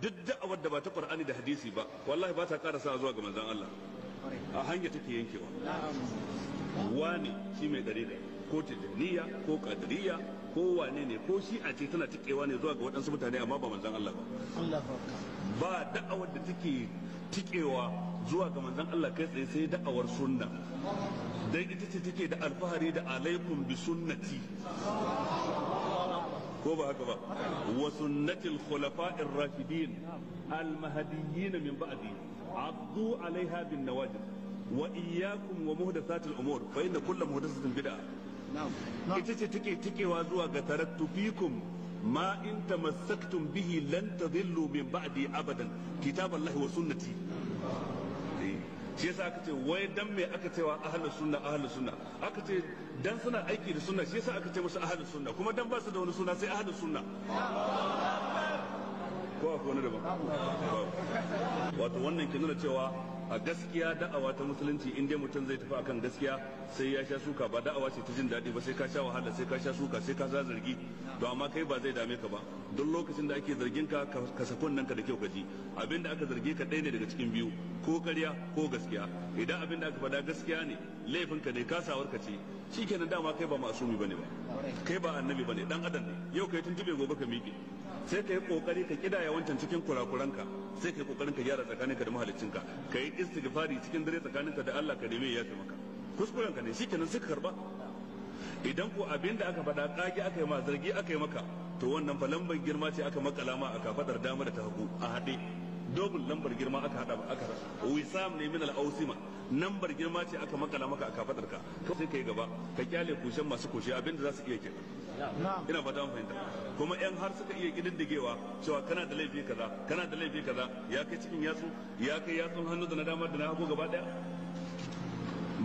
duk da'awar da ba ta qur'ani da hadisi ba wallahi ba ta karasa zuwa ga manzon Allah a hanya take yankewa wani shi mai da ko tijaniya ko kadiriya ko wane ne ko shi a ce tana tikewa ne zuwa ga waɗansu mutane amma ba manzon Allah ba ba da'awar da take tikewa zuwa ga manzon Allah kai tsaye sai da'awar sunna dai ita ce take da alfahari da alaikum bi sunnati ko ba haka ba wa sunnatil khulafa'ir rashidin al mahdiyyin min ba'di addu 'alayha bin nawajid wa iyyakum wa muhdathatil umur fa inna kull muhdathatin bid'a ita ce take tikewa zuwa ga tarattu fikum ma in tamassaktum bihi lan tadillu min ba'di abadan kitaballahi wa sunnati shi yasa aka ce wai dan me aka cewa ahlus sunna ahlus sunna aka ce dan suna aiki da sunna shi yasa aka ce musu ahlus sunna kuma dan ba su da wani suna sai ahlus sunna ko akwai wani daban wato wannan ke nuna cewa a gaskiya da'awa ta musulunci in dai mutum zai tafi akan gaskiya sai ya sha suka ba da'awa ce ta jin daɗi ba sai ka sha wahala sai ka sha suka sai ka sha zargi to amma kai ba zai dame ka ba duk lokacin da ake zargin ka ka sakon nan ka da kyau ka ji abin da aka zarge ka ɗaya ne daga cikin biyu ko ƙarya ko gaskiya idan abin da aka faɗa gaskiya ne laifin ka ne ka sawar ka ce shikenan dama kai ba masumi bane ba kai ba annabi bane dan adam ne yau kai tuntube gobe ka miƙe sai ka yi kokari ka kidaya wancan cikin kurakuranka sai ka yi kokarin ka gyara tsakaninka da mahaliccinka ka yi istighfari cikin dare tsakaninka da Allah ka neme ya fi maka kuskuren ka ne shikenan suka karba idan ko abin da aka faɗa kage aka yi ma zargi aka yi maka to wannan fa girma ce aka makalama a aka dama da ta hagu a haɗe double lambar girma aka hada aka wisam ne min al-ausima lambar girma ce aka makala maka aka kafadar ka to sai kai gaba ka kyale kushen masu kushe abinda za su iya kenan ina fata mun fahimta kuma yan har suka iya kididdigewa cewa kana da laifi kaza kana da laifi kaza ya kai cikin yatsu ya kai yatsun hannu da na dama da na hagu gaba daya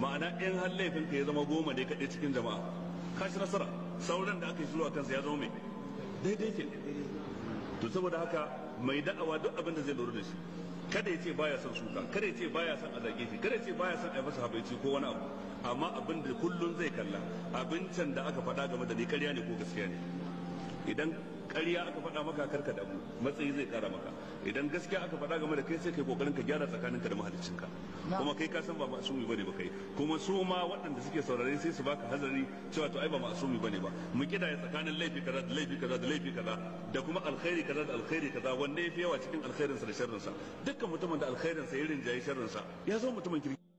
ma'ana yan har laifin ka ya zama goma ne kaɗai cikin jama'a kashi nasara sauran da aka yi shiru a kansa ya zama mai daidai ke to saboda haka mai da'awa duk abin da zai lura da shi kada ya ce baya son suka kada ya ce baya son azage shi kada ya ce baya son a habaici ko wani abu amma abin da kullun zai kalla abincin da aka faɗa game da ni ƙarya ne ko gaskiya ne idan ƙarya aka faɗa maka karka damu matsayi zai ƙara maka idan gaskiya aka faɗa game da kai sai kai kokarin ka gyara tsakaninka da mahaliccinka kuma kai ka san ba ma'asumi bane ba kai kuma su ma waɗanda suke saurare sai su baka hazari cewa to ai ba ma'asumi bane ba mu kidaya tsakanin laifi kaza da laifi kaza da laifi kaza da kuma alkhairi kaza da alkhairi kaza wanda yafi yawa cikin alkhairinsa da sharrinsa dukkan mutumin da alkhairinsa ya rinjaye sharrinsa ya zo mutumin kirki